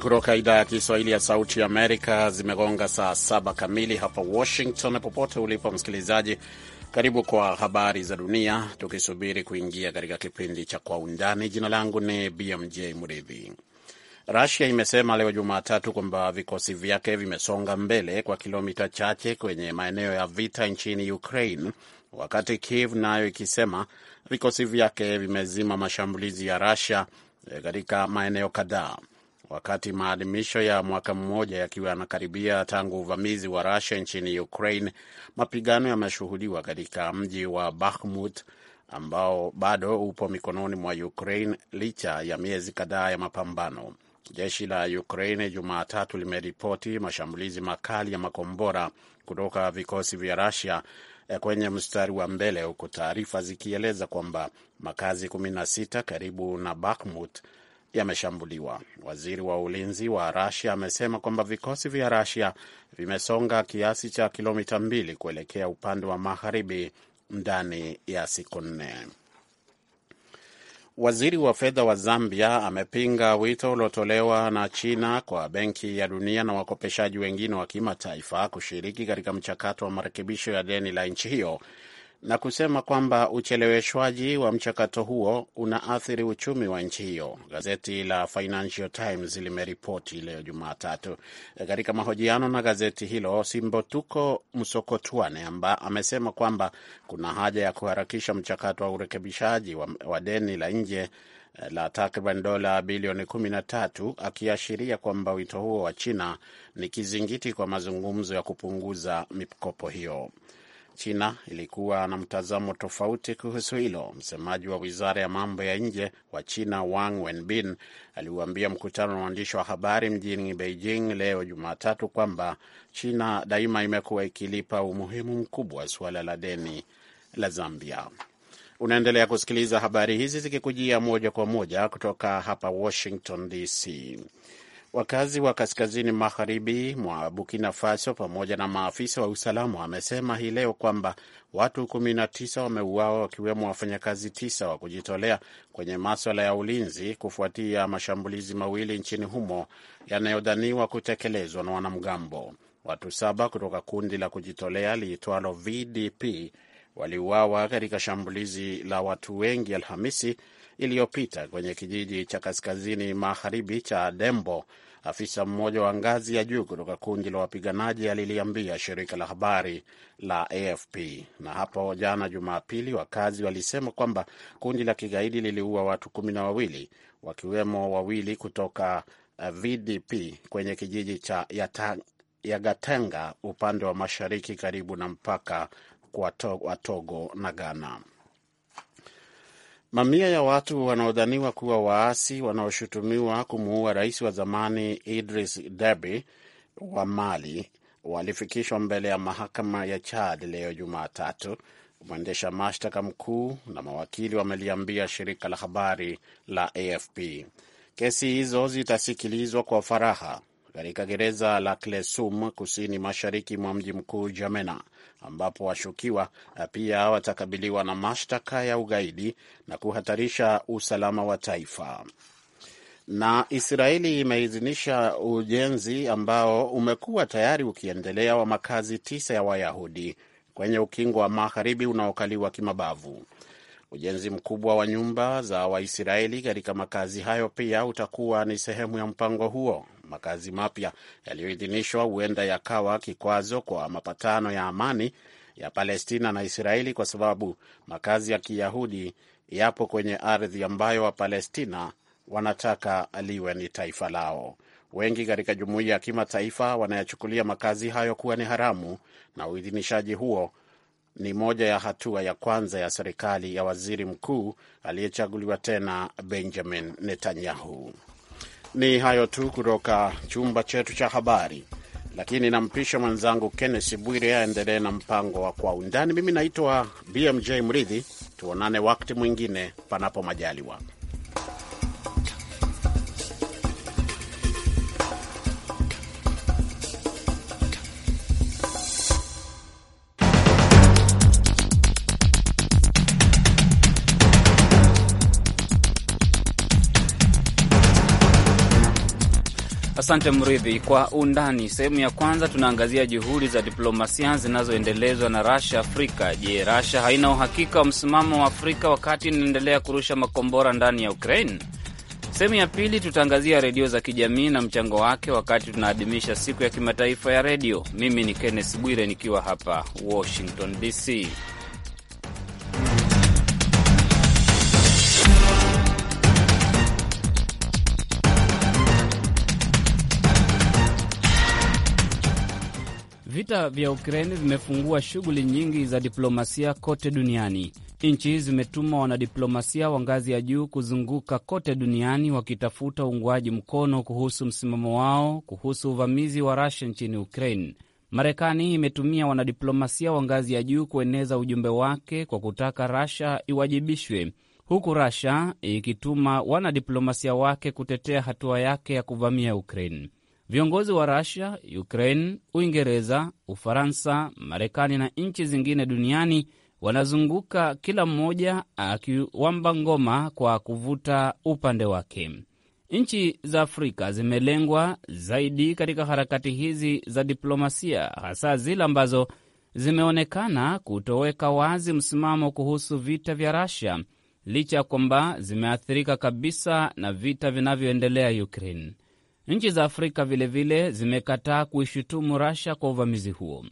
kutoka idhaa ya Kiswahili ya Sauti Amerika. Zimegonga saa saba kamili hapa Washington. Popote ulipo msikilizaji, karibu kwa habari za dunia, tukisubiri kuingia katika kipindi cha Kwa Undani. Jina langu ni BMJ Mridhi. Rasia imesema leo Jumatatu kwamba vikosi vyake vimesonga mbele kwa kilomita chache kwenye maeneo ya vita nchini Ukraine, wakati Kiev nayo ikisema vikosi vyake vimezima mashambulizi ya Rasia eh, katika maeneo kadhaa wakati maadhimisho ya mwaka mmoja yakiwa yanakaribia tangu uvamizi wa Rusia nchini Ukraine, mapigano yameshuhudiwa katika mji wa Bakhmut ambao bado upo mikononi mwa Ukraine licha ya miezi kadhaa ya mapambano. Jeshi la Ukraine Jumatatu limeripoti mashambulizi makali ya makombora kutoka vikosi vya Rusia eh, kwenye mstari wa mbele, huku taarifa zikieleza kwamba makazi 16 karibu na Bakhmut yameshambuliwa. Waziri wa ulinzi wa Rasia amesema kwamba vikosi vya Rasia vimesonga kiasi cha kilomita mbili kuelekea upande wa magharibi ndani ya siku nne. Waziri wa fedha wa Zambia amepinga wito uliotolewa na China kwa Benki ya Dunia na wakopeshaji wengine wa kimataifa kushiriki katika mchakato wa marekebisho ya deni la nchi hiyo na kusema kwamba ucheleweshwaji wa mchakato huo unaathiri uchumi wa nchi hiyo, gazeti la Financial Times limeripoti leo Jumatatu. Katika mahojiano na gazeti hilo, Simbotuko Msokotwane amba amesema kwamba kuna haja ya kuharakisha mchakato wa urekebishaji wa, wa deni la nje eh, la takriban dola bilioni 13, akiashiria kwamba wito huo wa China ni kizingiti kwa mazungumzo ya kupunguza mikopo hiyo. China ilikuwa na mtazamo tofauti kuhusu hilo. Msemaji wa wizara ya mambo ya nje wa China, Wang Wenbin, aliuambia mkutano na waandishi wa habari mjini Beijing leo Jumatatu kwamba China daima imekuwa ikilipa umuhimu mkubwa suala la deni la Zambia. Unaendelea kusikiliza habari hizi zikikujia moja kwa moja kutoka hapa Washington DC. Wakazi wa kaskazini magharibi mwa Burkina Faso pamoja na maafisa wa usalama wamesema hii leo kwamba watu 19 wameuawa wakiwemo wafanyakazi tisa wa kujitolea kwenye maswala ya ulinzi kufuatia mashambulizi mawili nchini humo yanayodhaniwa kutekelezwa na wanamgambo. Watu saba kutoka kundi la kujitolea liitwalo VDP waliuawa katika shambulizi la watu wengi Alhamisi iliyopita kwenye kijiji cha kaskazini magharibi cha Dembo. Afisa mmoja wa ngazi ya juu kutoka kundi la wapiganaji aliliambia shirika la habari la AFP. Na hapo jana Jumapili, wakazi walisema kwamba kundi la kigaidi liliua watu kumi na wawili wakiwemo wawili kutoka eh, VDP kwenye kijiji cha Yagatenga upande wa mashariki karibu na mpaka wa Togo na Ghana. Mamia ya watu wanaodhaniwa kuwa waasi wanaoshutumiwa kumuua rais wa zamani Idris Deby wa Mali walifikishwa mbele ya mahakama ya Chad leo Jumatatu, mwendesha mashtaka mkuu na mawakili wameliambia shirika la habari la AFP. Kesi hizo zitasikilizwa kwa faraha katika gereza la Klesum kusini mashariki mwa mji mkuu Jamena, ambapo washukiwa eh, pia watakabiliwa na mashtaka ya ugaidi na kuhatarisha usalama wa taifa. Na Israeli imeidhinisha ujenzi ambao umekuwa tayari ukiendelea wa makazi tisa ya Wayahudi kwenye ukingo wa magharibi unaokaliwa kimabavu. Ujenzi mkubwa wa nyumba za Waisraeli katika makazi hayo pia utakuwa ni sehemu ya mpango huo Makazi mapya yaliyoidhinishwa huenda yakawa kikwazo kwa mapatano ya amani ya Palestina na Israeli kwa sababu makazi ya Kiyahudi yapo kwenye ardhi ambayo Wapalestina wanataka liwe ni taifa lao. Wengi katika jumuiya ya kimataifa wanayachukulia makazi hayo kuwa ni haramu, na uidhinishaji huo ni moja ya hatua ya kwanza ya serikali ya waziri mkuu aliyechaguliwa tena Benjamin Netanyahu. Ni hayo tu kutoka chumba chetu cha habari, lakini nampisha mwenzangu Kennes Bwire aendelee na mpango wa Kwa Undani. Mimi naitwa BMJ Mridhi, tuonane wakati mwingine, panapo majaliwa. Asante Mridhi. Kwa undani, sehemu ya kwanza tunaangazia juhudi za diplomasia zinazoendelezwa na Rasha Afrika. Je, Rasha haina uhakika wa msimamo wa Afrika wakati inaendelea kurusha makombora ndani ya Ukraine? Sehemu ya pili tutaangazia redio za kijamii na mchango wake wakati tunaadhimisha siku ya kimataifa ya redio. Mimi ni Kenneth Bwire nikiwa hapa Washington DC. Vita vya Ukraine vimefungua shughuli nyingi za diplomasia kote duniani. Nchi zimetuma wanadiplomasia wa ngazi ya juu kuzunguka kote duniani wakitafuta uungwaji mkono kuhusu msimamo wao kuhusu uvamizi wa Rusia nchini Ukraine. Marekani imetumia wanadiplomasia wa ngazi ya juu kueneza ujumbe wake kwa kutaka Rusia iwajibishwe, huku Rusia ikituma wanadiplomasia wake kutetea hatua yake ya kuvamia Ukraine. Viongozi wa Rusia, Ukraine, Uingereza, Ufaransa, Marekani na nchi zingine duniani wanazunguka, kila mmoja akiwamba ngoma kwa kuvuta upande wake. Nchi za Afrika zimelengwa zaidi katika harakati hizi za diplomasia, hasa zile ambazo zimeonekana kutoweka wazi msimamo kuhusu vita vya Rusia, licha ya kwamba zimeathirika kabisa na vita vinavyoendelea Ukraine. Nchi za Afrika vilevile zimekataa kuishutumu rasha kwa uvamizi huo,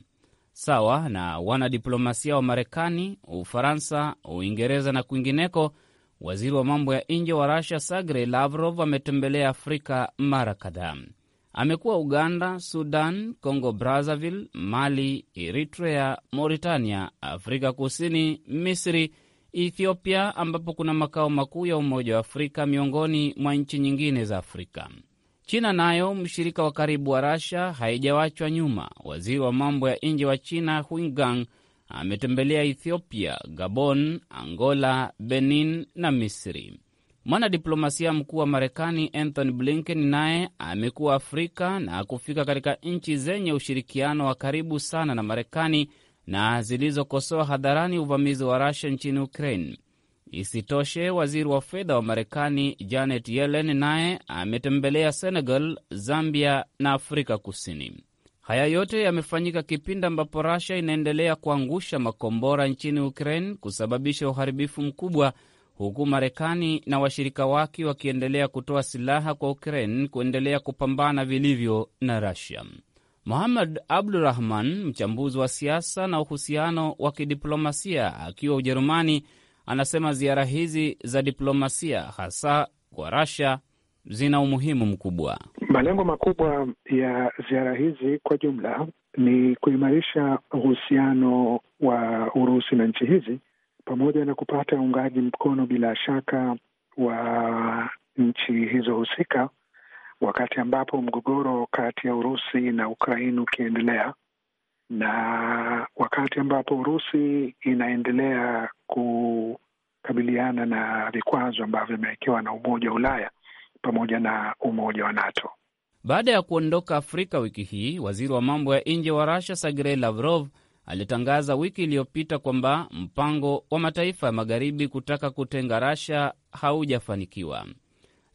sawa na wanadiplomasia wa Marekani, Ufaransa, Uingereza na kwingineko. Waziri wa mambo ya nje wa Russia Sergey Lavrov ametembelea Afrika mara kadhaa. Amekuwa Uganda, Sudan, Congo Brazzaville, Mali, Eritrea, Mauritania, Afrika Kusini, Misri, Ethiopia, ambapo kuna makao makuu ya Umoja wa Afrika, miongoni mwa nchi nyingine za Afrika. China nayo, mshirika wa karibu wa Rasha haijawachwa nyuma. Waziri wa mambo ya nje wa China Huingang ametembelea Ethiopia, Gabon, Angola, Benin na Misri. Mwanadiplomasia mkuu wa Marekani Anthony Blinken naye amekuwa Afrika na kufika katika nchi zenye ushirikiano wa karibu sana na Marekani na zilizokosoa hadharani uvamizi wa Rasha nchini Ukraine. Isitoshe, waziri wa fedha wa Marekani Janet Yellen naye ametembelea Senegal, Zambia na Afrika Kusini. Haya yote yamefanyika kipindi ambapo rasia inaendelea kuangusha makombora nchini Ukraine, kusababisha uharibifu mkubwa, huku Marekani na washirika wake wakiendelea kutoa silaha kwa Ukraine kuendelea kupambana vilivyo na muhamad Muhammad Abdurahman, mchambuzi wa siasa na uhusiano wa kidiplomasia, akiwa Ujerumani, Anasema ziara hizi za diplomasia hasa kwa Russia zina umuhimu mkubwa. Malengo makubwa ya ziara hizi kwa jumla ni kuimarisha uhusiano wa Urusi na nchi hizi pamoja na kupata uungaji mkono bila shaka wa nchi hizo husika, wakati ambapo mgogoro kati ya Urusi na Ukraini ukiendelea na wakati ambapo Urusi inaendelea kukabiliana na vikwazo ambavyo vimewekewa na Umoja wa Ulaya pamoja na Umoja wa NATO. Baada ya kuondoka Afrika wiki hii, waziri wa mambo ya nje wa Russia Sergei Lavrov alitangaza wiki iliyopita kwamba mpango wa mataifa ya magharibi kutaka kutenga rasha haujafanikiwa.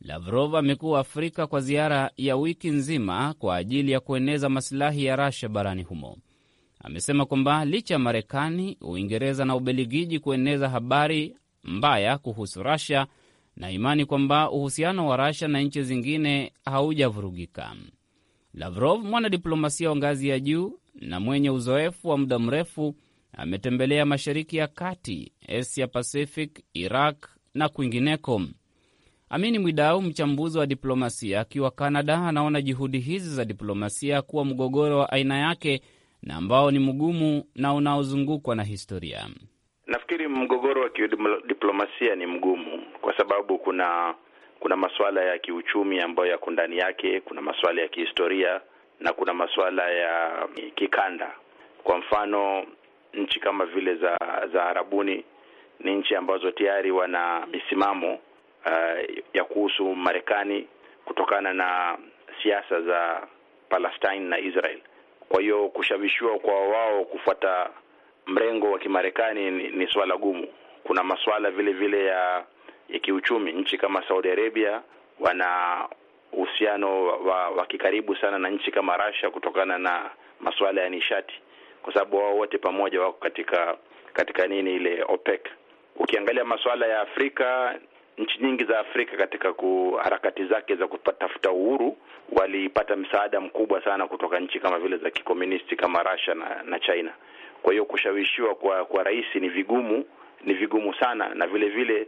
Lavrov amekuwa Afrika kwa ziara ya wiki nzima kwa ajili ya kueneza masilahi ya rasha barani humo amesema kwamba licha ya Marekani, Uingereza na Ubeligiji kueneza habari mbaya kuhusu rasha na imani kwamba uhusiano wa rasha na nchi zingine haujavurugika. Lavrov, mwanadiplomasia wa ngazi ya juu na mwenye uzoefu wa muda mrefu, ametembelea Mashariki ya Kati, Asia Pacific, Iraq na kwingineko. Amini Mwidau, mchambuzi wa diplomasia, akiwa canada anaona juhudi hizi za diplomasia kuwa mgogoro wa aina yake na ambao ni mgumu na unaozungukwa na historia. Nafikiri mgogoro wa kidiplomasia ni mgumu kwa sababu kuna kuna masuala ya kiuchumi ambayo yako ndani yake, kuna masuala ya kihistoria na kuna masuala ya kikanda. Kwa mfano, nchi kama vile za za Arabuni ni nchi ambazo tayari wana misimamo uh, ya kuhusu Marekani kutokana na siasa za Palestine na Israel. Kwa hiyo kushawishiwa kwa wao kufuata mrengo wa Kimarekani ni, ni swala gumu. Kuna masuala vile vile ya ya kiuchumi. Nchi kama Saudi Arabia wana uhusiano wa, wa kikaribu sana na nchi kama Russia kutokana na masuala ya nishati, kwa sababu wao wote pamoja wako katika katika nini ile OPEC. Ukiangalia masuala ya Afrika nchi nyingi za Afrika katika harakati zake za kutafuta uhuru walipata msaada mkubwa sana kutoka nchi kama vile za kikomunisti kama Russia na, na China. Kwa hiyo kushawishiwa kwa kwa rais ni vigumu, ni vigumu sana, na vile vile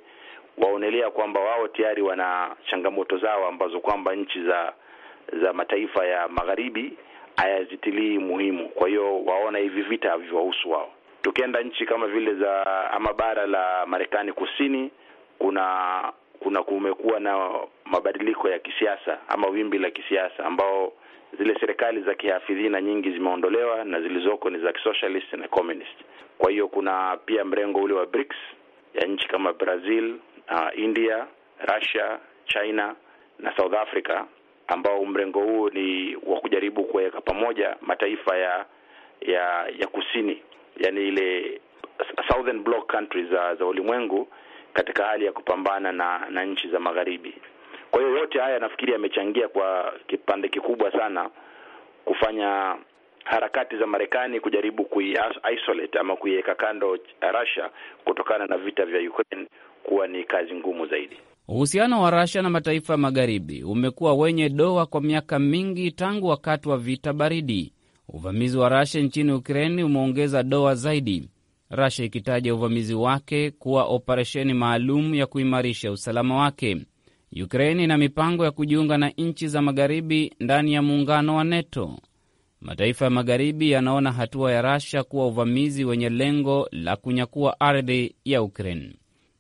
waonelea kwamba wao tayari wana changamoto zao ambazo kwamba nchi za za mataifa ya magharibi hayazitilii muhimu. Kwa hiyo waona hivi vita havihusu wao. Tukienda nchi kama vile za ama bara la Marekani Kusini kuna kuna kumekuwa na mabadiliko ya kisiasa ama wimbi la kisiasa ambao zile serikali za kihafidhina nyingi zimeondolewa na zilizoko ni za kisocialist na communist. Kwa hiyo kuna pia mrengo ule wa BRICS ya nchi kama Brazil, uh, India, Russia, China na South Africa ambao mrengo huu ni wa kujaribu kuweka pamoja mataifa ya ya ya kusini, yani ile southern bloc countries za, za ulimwengu katika hali ya kupambana na, na nchi za magharibi. Kwa hiyo yote haya nafikiri yamechangia kwa kipande kikubwa sana kufanya harakati za Marekani kujaribu kui-isolate ama kuiweka kando Russia kutokana na vita vya Ukraine kuwa ni kazi ngumu zaidi. Uhusiano wa Russia na mataifa ya magharibi umekuwa wenye doa kwa miaka mingi tangu wakati wa vita baridi. Uvamizi wa Russia nchini Ukraine umeongeza doa zaidi. Russia ikitaja uvamizi wake kuwa operesheni maalum ya kuimarisha usalama wake. Ukraine ina mipango ya kujiunga na nchi za magharibi ndani ya muungano wa NATO. Mataifa ya magharibi yanaona hatua ya rasha kuwa uvamizi wenye lengo la kunyakua ardhi ya Ukraine.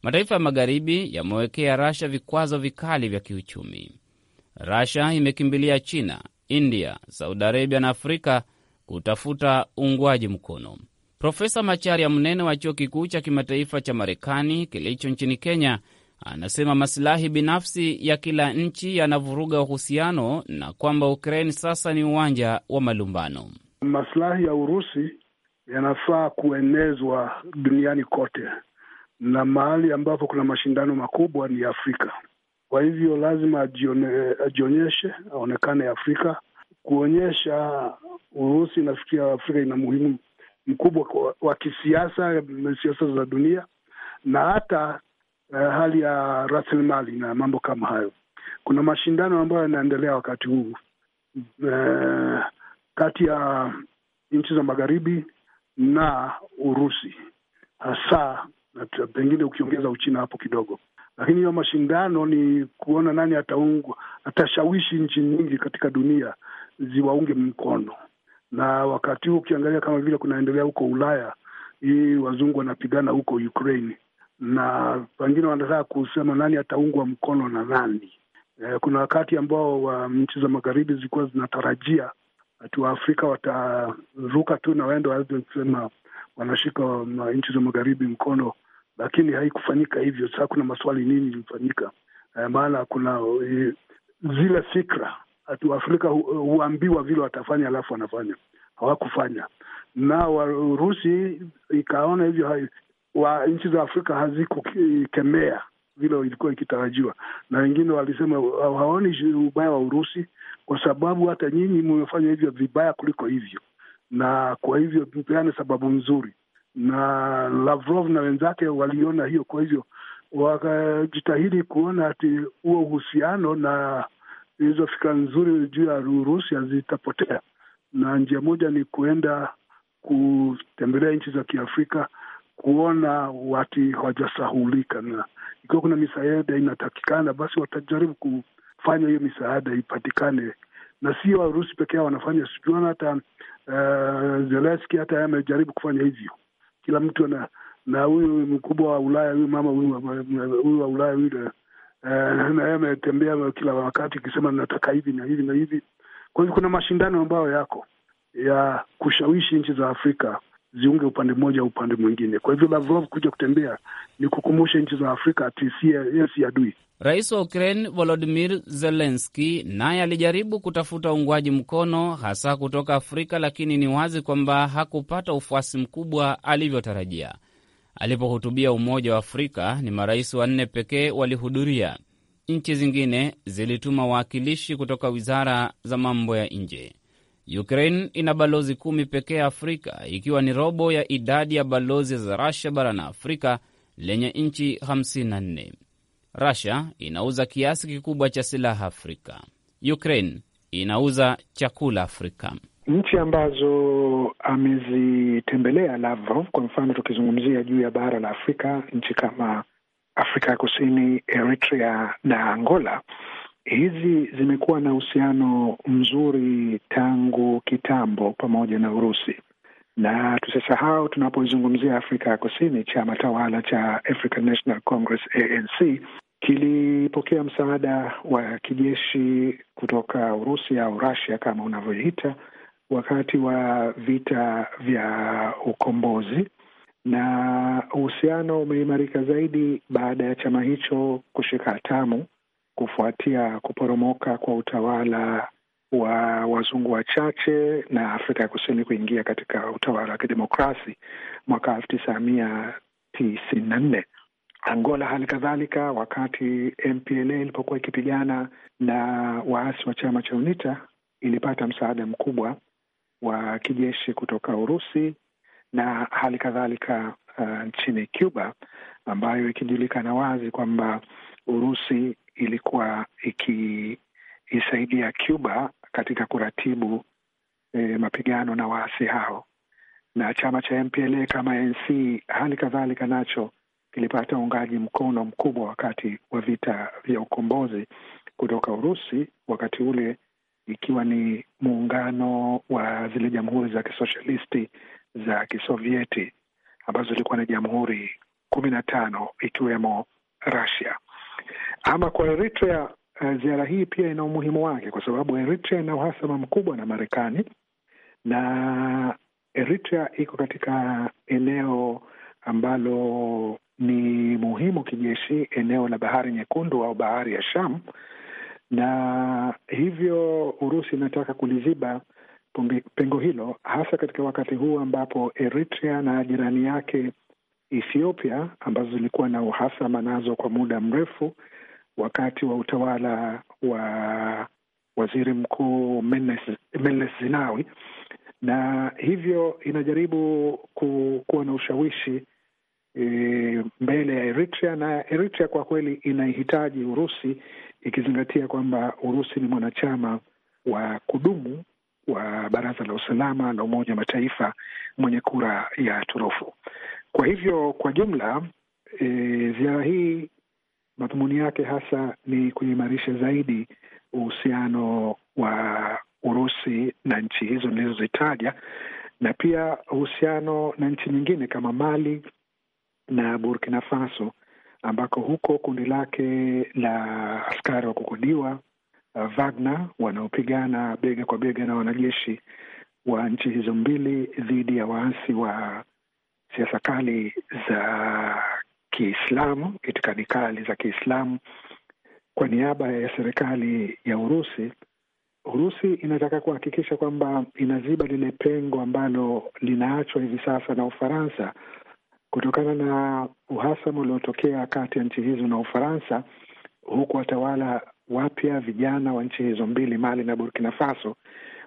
Mataifa ya magharibi yamewekea rasha vikwazo vikali vya kiuchumi. rasha imekimbilia China, India, Saudi Arabia na Afrika kutafuta uungwaji mkono. Profesa Macharia, mnene wa chuo kikuu cha kimataifa cha Marekani kilicho nchini Kenya, anasema masilahi binafsi ya kila nchi yanavuruga uhusiano na kwamba Ukraine sasa ni uwanja wa malumbano. Masilahi ya Urusi yanafaa kuenezwa duniani kote, na mahali ambapo kuna mashindano makubwa ni Afrika. Kwa hivyo lazima ajionyeshe, aonekane Afrika, kuonyesha Urusi inafikia Afrika ina muhimu mkubwa wa kisiasa, siasa za dunia na hata uh, hali ya rasilimali na mambo kama hayo. Kuna mashindano ambayo yanaendelea wakati huu uh, kati ya nchi za magharibi na Urusi hasa na pengine ukiongeza Uchina hapo kidogo, lakini hiyo mashindano ni kuona nani ataungwa, atashawishi nchi nyingi katika dunia ziwaunge mkono na wakati huu ukiangalia kama vile kunaendelea huko Ulaya, hii wazungu wanapigana huko Ukraine, na wengine wanataka kusema nani ataungwa mkono na nani. E, kuna wakati ambao wa nchi za magharibi zilikuwa zinatarajia ati Waafrika wataruka tu na waende waweze kusema wanashika nchi za magharibi mkono, lakini haikufanyika hivyo. Sasa kuna maswali nini ilifanyika? E, maana kuna e, zile fikra Waafrika huambiwa vile watafanya, alafu wanafanya, hawakufanya. Na Warusi ikaona hivyo, wa nchi za Afrika hazikukemea vile ilikuwa ikitarajiwa, na wengine walisema hawaoni ubaya wa Urusi kwa sababu hata nyinyi mmefanya hivyo vibaya kuliko hivyo, na kwa hivyo mpeane sababu nzuri. Na Lavrov na wenzake waliona hiyo, kwa hivyo wakajitahidi kuona ati huo uhusiano na hizo fikra nzuri juu ya Urusi zitapotea, na njia moja ni kuenda kutembelea nchi za Kiafrika kuona wati hawajasahulika, na ikiwa kuna misaada inatakikana, basi watajaribu kufanya hiyo misaada ipatikane, na sio Warusi peke yao wanafanya. Sijuana hata uh, eh, Zelenski hata amejaribu kufanya hivyo, kila mtu ana na huyu mkubwa wa Ulaya, huyu mama huyu wa Ulaya huyu eh, Eh, yeye ametembea kila wakati ikisema nataka hivi na hivi na hivi. Kwa hivyo kuna mashindano ambayo yako ya kushawishi nchi za Afrika ziunge upande mmoja upande mwingine. Kwa hivyo Lavrov kuja kutembea ni kukumbusha nchi za Afrika ati si adui. Rais wa Ukraine Volodimir Zelenski naye alijaribu kutafuta uungwaji mkono hasa kutoka Afrika, lakini ni wazi kwamba hakupata ufuasi mkubwa alivyotarajia alipohutubia Umoja wa Afrika ni marais wanne pekee walihudhuria. Nchi zingine zilituma wawakilishi kutoka wizara za mambo ya nje. Ukraine ina balozi kumi pekee Afrika, ikiwa ni robo ya idadi ya balozi za Russia barani Afrika lenye nchi 54. Rasia inauza kiasi kikubwa cha silaha Afrika. Ukraine inauza chakula Afrika nchi ambazo amezitembelea Lavrov, kwa mfano tukizungumzia juu ya bara la Afrika, nchi kama Afrika ya Kusini, Eritrea na Angola, hizi zimekuwa na uhusiano mzuri tangu kitambo pamoja na Urusi, na tusisahau tunapoizungumzia Afrika ya Kusini, chama tawala cha African National Congress ANC kilipokea msaada wa kijeshi kutoka Urusi au Rasia kama unavyoita wakati wa vita vya ukombozi, na uhusiano umeimarika zaidi baada ya chama hicho kushika hatamu kufuatia kuporomoka kwa utawala wa wazungu wachache na Afrika ya Kusini kuingia katika utawala wa kidemokrasi mwaka elfu tisa mia tisini na nne. Angola hali kadhalika, wakati MPLA ilipokuwa ikipigana na waasi wa chama cha UNITA ilipata msaada mkubwa wa kijeshi kutoka Urusi na hali kadhalika uh, nchini Cuba ambayo ikijulikana wazi kwamba Urusi ilikuwa ikiisaidia Cuba katika kuratibu eh, mapigano na waasi hao, na chama cha MPLA kama ANC hali kadhalika nacho kilipata uungaji mkono mkubwa wakati wa vita vya ukombozi kutoka Urusi wakati ule ikiwa ni muungano wa zile jamhuri za kisoshalisti za Kisovieti ambazo zilikuwa ni jamhuri kumi na tano ikiwemo Russia. Ama kwa Eritrea, eh, ziara hii pia ina umuhimu wake kwa sababu Eritrea ina uhasama mkubwa na Marekani na Eritrea iko katika eneo ambalo ni muhimu kijeshi, eneo la Bahari Nyekundu au Bahari ya Sham, na hivyo Urusi inataka kuliziba pengo hilo, hasa katika wakati huu ambapo Eritrea na jirani yake Ethiopia ambazo zilikuwa na uhasama nazo kwa muda mrefu wakati wa utawala wa waziri mkuu Meles Zenawi, na hivyo inajaribu ku, kuwa na ushawishi e, Eritrea na Eritrea kwa kweli inaihitaji Urusi ikizingatia kwamba Urusi ni mwanachama wa kudumu wa Baraza la Usalama la Umoja wa Mataifa mwenye kura ya turufu. Kwa hivyo kwa jumla, e, ziara hii madhumuni yake hasa ni kuimarisha zaidi uhusiano wa Urusi na nchi hizo nilizozitaja na pia uhusiano na nchi nyingine kama Mali, na Burkina Faso, ambako huko kundi lake la askari wa kukodiwa uh, Wagner wanaopigana bega kwa bega na wanajeshi wa nchi hizo mbili dhidi ya waasi wa siasa kali za Kiislamu, itikadi kali za Kiislamu kwa niaba ya serikali ya Urusi. Urusi inataka kuhakikisha kwamba inaziba lile pengo ambalo linaachwa hivi sasa na Ufaransa kutokana na uhasama uliotokea kati ya nchi hizo na Ufaransa, huku watawala wapya vijana wa nchi hizo mbili, Mali na Burkina Faso,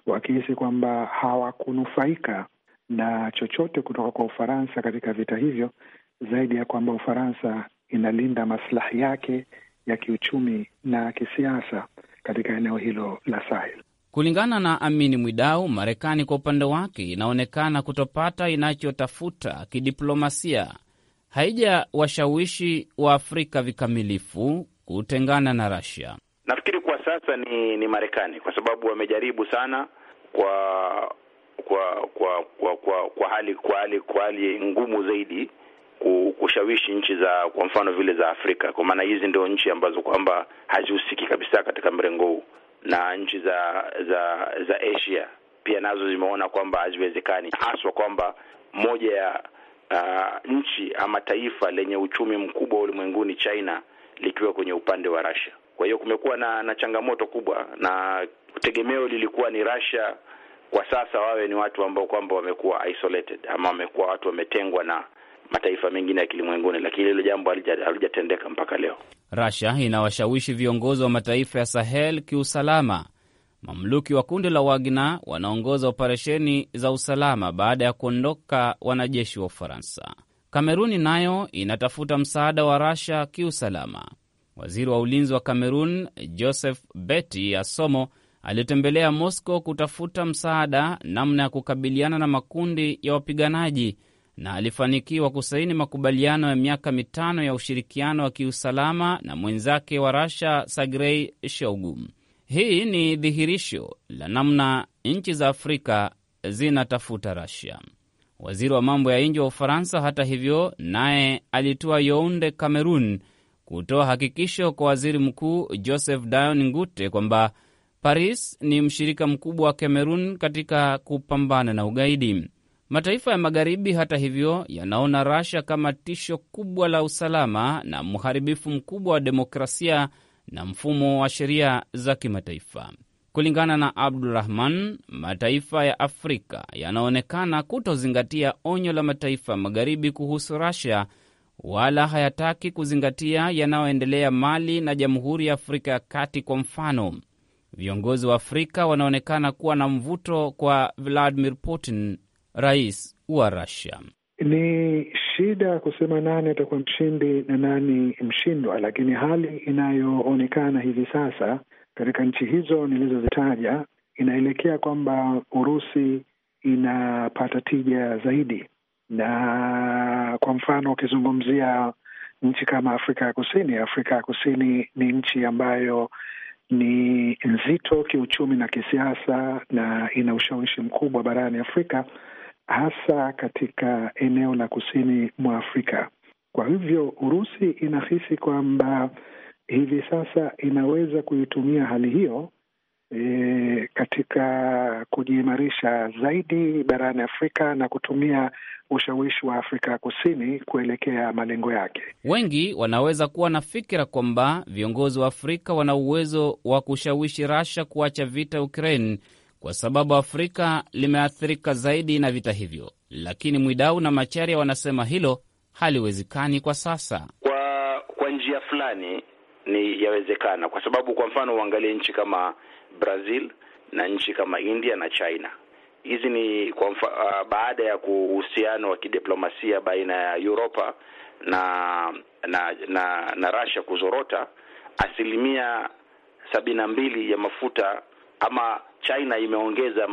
wakihisi kwamba hawakunufaika na chochote kutoka kwa Ufaransa katika vita hivyo, zaidi ya kwamba Ufaransa inalinda maslahi yake ya kiuchumi na kisiasa katika eneo hilo la Sahel. Kulingana na Amini Mwidau, Marekani kwa upande wake inaonekana kutopata inachotafuta kidiplomasia. haija washawishi wa Afrika vikamilifu kutengana na Russia. Nafikiri kwa sasa ni ni Marekani kwa sababu wamejaribu sana kwa kwa kwa kwa kwa kwa hali kwa hali kwa hali ngumu zaidi kushawishi nchi za kwa mfano vile za Afrika, kwa maana hizi ndio nchi ambazo kwamba hazihusiki kabisa katika mrengo huu na nchi za za za Asia pia nazo zimeona kwamba haziwezekani, haswa kwamba moja ya uh, nchi ama taifa lenye uchumi mkubwa ulimwenguni China likiwa kwenye upande wa Russia. Kwa hiyo kumekuwa na, na changamoto kubwa, na tegemeo lilikuwa ni Russia kwa sasa wawe ni watu ambao kwamba wamekuwa isolated ama wamekuwa watu wametengwa na mataifa mengine ya kilimwenguni, lakini hilo jambo halijatendeka mpaka leo rasia inawashawishi viongozi wa mataifa ya Sahel kiusalama. Mamluki wa kundi la wagna wanaongoza operesheni za usalama baada ya kuondoka wanajeshi wa Ufaransa. Kameruni nayo inatafuta msaada wa rasha kiusalama. Waziri wa ulinzi wa Kamerun Joseph Beti Asomo alitembelea Moscow kutafuta msaada namna ya kukabiliana na makundi ya wapiganaji na alifanikiwa kusaini makubaliano ya miaka mitano ya ushirikiano wa kiusalama na mwenzake wa Rasha Sergei Shoigu. Hii ni dhihirisho la namna nchi za Afrika zinatafuta Rasia. Waziri wa mambo ya nje wa Ufaransa, hata hivyo, naye alitoa younde Kamerun, kutoa hakikisho kwa waziri mkuu Joseph Dion Ngute kwamba Paris ni mshirika mkubwa wa Kamerun katika kupambana na ugaidi. Mataifa ya Magharibi, hata hivyo, yanaona rasha kama tisho kubwa la usalama na mharibifu mkubwa wa demokrasia na mfumo wa sheria za kimataifa. Kulingana na Abdurahman, mataifa ya Afrika yanaonekana kutozingatia onyo la mataifa ya Magharibi kuhusu rasia wala hayataki kuzingatia yanayoendelea Mali na Jamhuri ya Afrika ya Kati. Kwa mfano, viongozi wa Afrika wanaonekana kuwa na mvuto kwa Vladimir Putin rais wa Russia. Ni shida kusema nani atakuwa mshindi na nani mshindwa, lakini hali inayoonekana hivi sasa katika nchi hizo nilizozitaja inaelekea kwamba Urusi inapata tija zaidi, na kwa mfano ukizungumzia nchi kama Afrika ya Kusini, Afrika ya Kusini ni nchi ambayo ni nzito kiuchumi na kisiasa na ina ushawishi mkubwa barani Afrika hasa katika eneo la kusini mwa Afrika. Kwa hivyo Urusi inahisi kwamba hivi sasa inaweza kuitumia hali hiyo e, katika kujiimarisha zaidi barani Afrika na kutumia ushawishi wa Afrika Kusini kuelekea malengo yake. Wengi wanaweza kuwa na fikira kwamba viongozi wa Afrika wana uwezo wa kushawishi Rasha kuacha vita Ukraine kwa sababu Afrika limeathirika zaidi na vita hivyo, lakini Mwidau na Macharia wanasema hilo haliwezekani kwa sasa. Kwa kwa njia fulani ni yawezekana, kwa sababu kwa mfano uangalie nchi kama Brazil na nchi kama India na China. Hizi ni kwa mfa, uh, baada ya uhusiano wa kidiplomasia baina ya uropa na na na, na Russia kuzorota, asilimia sabini na mbili ya mafuta ama China imeongeza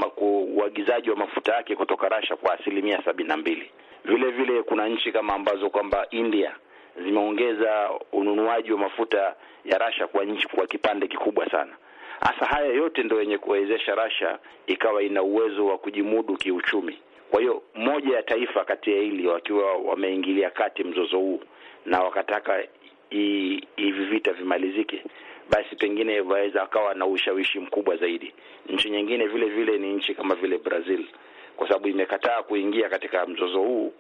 uagizaji wa mafuta yake kutoka Russia kwa asilimia sabini na mbili. Vile vile kuna nchi kama ambazo kwamba India zimeongeza ununuaji wa mafuta ya Russia kwa nchi kwa kipande kikubwa sana. Hasa haya yote ndio yenye kuwezesha Russia ikawa ina uwezo wa kujimudu kiuchumi. Kwa hiyo moja ya taifa kati ya hili wakiwa wameingilia kati mzozo huu na wakataka hivi vita vimalizike, basi pengine waweza akawa na ushawishi mkubwa zaidi. Nchi nyingine vile vile ni nchi kama vile Brazil, kwa sababu imekataa kuingia katika mzozo huu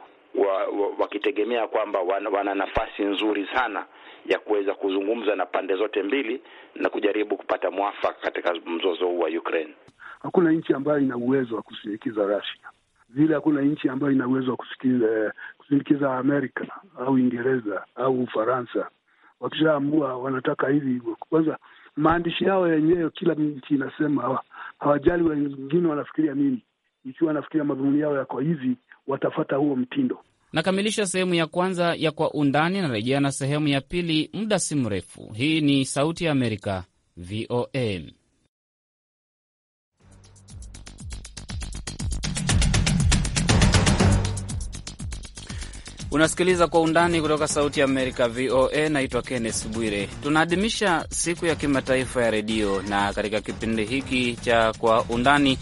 wakitegemea wa, wa kwamba wana, wana nafasi nzuri sana ya kuweza kuzungumza na pande zote mbili na kujaribu kupata mwafaka katika mzozo huu wa Ukraine. Hakuna nchi ambayo ina uwezo wa kusindikiza Russia vile, hakuna nchi ambayo ina uwezo wa kushinikiza eh, Amerika au Uingereza au Ufaransa wakishaamua wanataka hivi hivyo. Kwanza maandishi yao yenyewe, kila nchi inasema hawajali wengine wanafikiria nini. Ikiwa wanafikiria madhumuni yao yako hivi, watafata huo mtindo. Nakamilisha sehemu ya kwanza ya Kwa Undani, narejea na sehemu ya pili muda si mrefu. Hii ni Sauti ya Amerika, VOA. Unasikiliza Kwa Undani kutoka Sauti ya Amerika, VOA. Naitwa Kennes Bwire. Tunaadhimisha siku ya kimataifa ya redio, na katika kipindi hiki cha Kwa Undani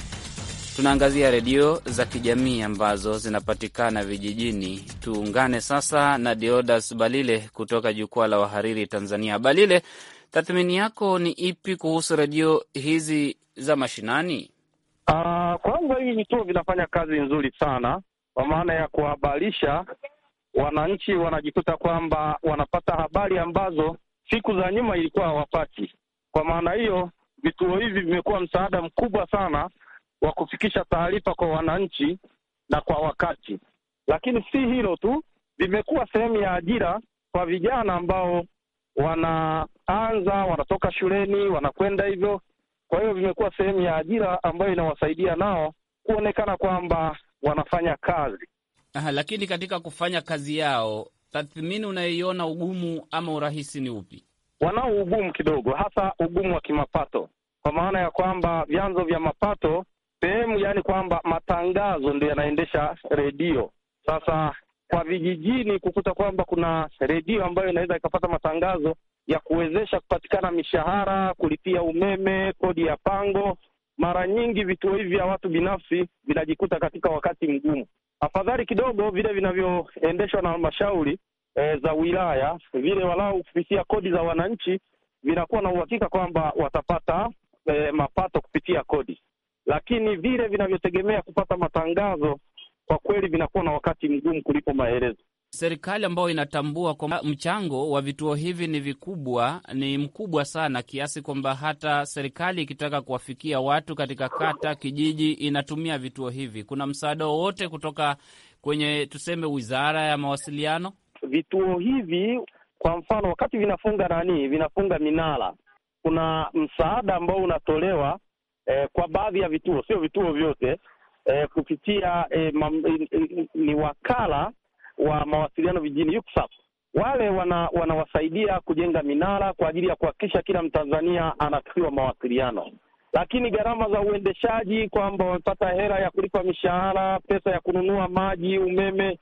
tunaangazia redio za kijamii ambazo zinapatikana vijijini. Tuungane sasa na Deodas Balile kutoka Jukwaa la Wahariri Tanzania. Balile, tathmini yako ni ipi kuhusu redio hizi za mashinani? Uh, kwanza hivi vituo vinafanya kazi nzuri sana kwa maana ya kuhabarisha wananchi wanajikuta kwamba wanapata habari ambazo siku za nyuma ilikuwa hawapati. Kwa maana hiyo, vituo hivi vimekuwa msaada mkubwa sana wa kufikisha taarifa kwa wananchi na kwa wakati. Lakini si hilo tu, vimekuwa sehemu ya ajira kwa vijana ambao wanaanza, wanatoka shuleni, wanakwenda hivyo. Kwa hiyo vimekuwa sehemu ya ajira ambayo inawasaidia nao kuonekana kwamba wanafanya kazi. Aha, lakini katika kufanya kazi yao, tathmini unayoiona ugumu ama urahisi ni upi? Wanao ugumu kidogo, hasa ugumu wa kimapato, kwa maana ya kwamba vyanzo vya mapato sehemu, yaani kwamba matangazo ndio yanaendesha redio. Sasa kwa vijijini kukuta kwamba kuna redio ambayo inaweza ikapata matangazo ya kuwezesha kupatikana mishahara, kulipia umeme, kodi ya pango. Mara nyingi vituo hivi vya watu binafsi vinajikuta katika wakati mgumu afadhali kidogo vile vinavyoendeshwa na halmashauri e, za wilaya, vile walau kupitia kodi za wananchi vinakuwa na uhakika kwamba watapata e, mapato kupitia kodi, lakini vile vinavyotegemea kupata matangazo kwa kweli vinakuwa na wakati mgumu kuliko maelezo serikali ambayo inatambua kwamba mchango wa vituo hivi ni vikubwa, ni mkubwa sana, kiasi kwamba hata serikali ikitaka kuwafikia watu katika kata, kijiji, inatumia vituo hivi. Kuna msaada wowote kutoka kwenye tuseme, wizara ya mawasiliano? Vituo hivi kwa mfano, wakati vinafunga nani, vinafunga minara, kuna msaada ambao unatolewa eh, kwa baadhi ya vituo, sio vituo vyote eh, kupitia eh, mam, eh, ni wakala wa mawasiliano vijijini UCSAP wale wana, wanawasaidia kujenga minara kwa ajili ya kuhakikisha kila Mtanzania anafikiwa mawasiliano, lakini gharama za uendeshaji kwamba wamepata hela ya kulipa mishahara, pesa ya kununua maji, umeme,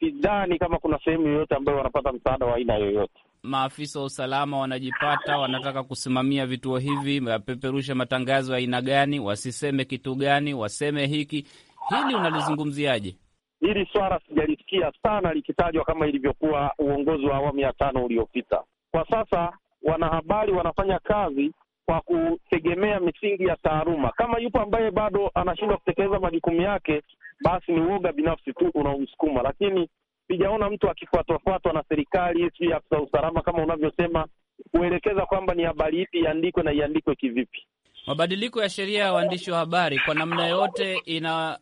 sidhani kama kuna sehemu yoyote ambayo wanapata msaada wa aina yoyote. Maafisa wa usalama wanajipata, wanataka kusimamia vituo hivi, wapeperusha matangazo ya aina gani, wasiseme kitu gani, waseme hiki. Hili unalizungumziaje? hili swala sijalisikia sana likitajwa kama ilivyokuwa uongozi wa awamu ya tano uliopita. Kwa sasa wanahabari wanafanya kazi kwa kutegemea misingi ya taaluma. Kama yupo ambaye bado anashindwa kutekeleza majukumu yake, basi ni uoga binafsi tu unaomsukuma, lakini sijaona mtu akifuatwafuatwa na serikali, si afisa usalama kama unavyosema, kuelekeza kwamba ni habari ipi iandikwe na iandikwe kivipi. Mabadiliko ya sheria ya waandishi wa habari kwa namna yote ina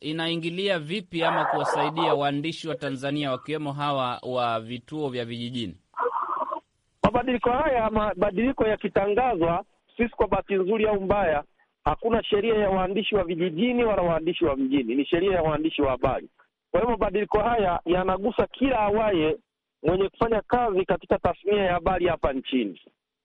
inaingilia vipi ama kuwasaidia waandishi wa Tanzania wakiwemo hawa wa vituo vya vijijini? Mabadiliko haya, mabadiliko yakitangazwa, sisi kwa bahati nzuri au mbaya, hakuna sheria ya waandishi wa vijijini wala waandishi wa mjini, ni sheria ya waandishi wa habari. Kwa hiyo mabadiliko haya yanagusa kila awaye mwenye kufanya kazi katika tasnia ya habari hapa nchini.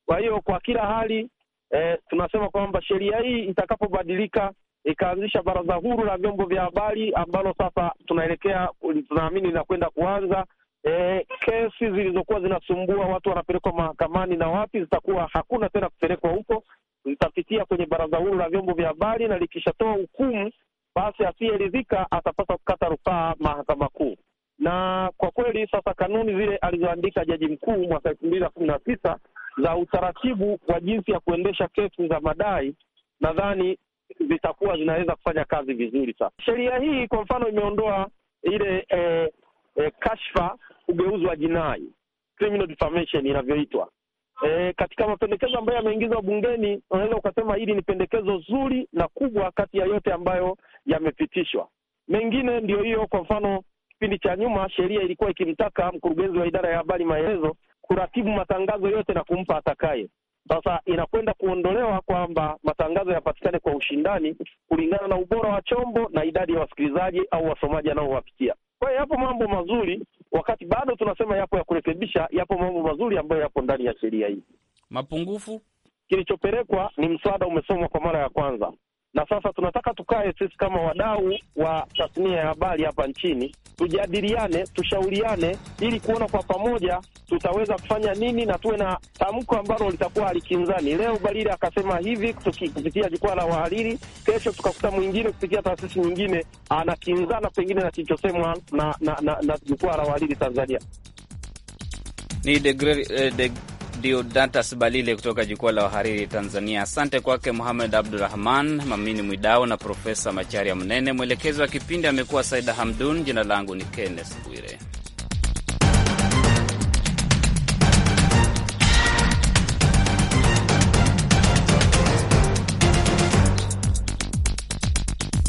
Kwa hiyo kwa kila hali eh, tunasema kwamba sheria hii itakapobadilika ikaanzisha baraza huru la vyombo vya habari ambalo sasa tunaelekea tunaamini linakwenda kuanza. E, kesi zilizokuwa zinasumbua watu wanapelekwa mahakamani na wapi, zitakuwa hakuna tena kupelekwa huko, zitapitia kwenye baraza huru la vyombo vya habari, na likishatoa hukumu, basi asiyeridhika atapaswa kukata rufaa mahakama kuu. Na kwa kweli sasa kanuni zile alizoandika jaji mkuu mwaka elfu mbili na kumi na tisa za utaratibu wa jinsi ya kuendesha kesi za madai, nadhani zitakuwa zinaweza kufanya kazi vizuri sasa Sheria hii kwa mfano imeondoa ile e, e, kashfa, ugeuzi wa jinai, criminal defamation inavyoitwa. E, katika mapendekezo ambayo yameingizwa bungeni, unaweza ukasema hili ni pendekezo zuri na kubwa kati ya yote ambayo yamepitishwa. Mengine ndiyo hiyo, kwa mfano, kipindi cha nyuma sheria ilikuwa ikimtaka mkurugenzi wa idara ya habari maelezo kuratibu matangazo yote na kumpa atakaye. Sasa inakwenda kuondolewa kwamba matangazo yapatikane kwa ushindani kulingana na ubora wa chombo na idadi ya wasikilizaji au wasomaji anaowafikia. Kwa hiyo yapo mambo mazuri, wakati bado tunasema yapo ya kurekebisha, yapo mambo mazuri ambayo yapo ndani ya sheria hii. Mapungufu, kilichopelekwa ni mswada umesomwa kwa mara ya kwanza, na sasa tunataka tukae sisi kama wadau wa tasnia ya habari hapa nchini, tujadiliane, tushauriane ili kuona kwa pamoja tutaweza kufanya nini na tuwe na tamko ambalo litakuwa halikinzani. Leo Balile akasema hivi kupitia jukwaa la wahariri, kesho tukakuta mwingine kupitia taasisi nyingine anakinzana pengine na kilichosemwa na, na, na, na jukwaa la wahariri Tanzania. Ni degre, eh, diodatas Balile kutoka jukwaa la wahariri Tanzania. Asante kwake Muhamed Abdurahman Mamini Mwidao na Profesa Macharia Mnene. Mwelekezi wa kipindi amekuwa Saida Hamdun. Jina langu ni Kenneth Bwire.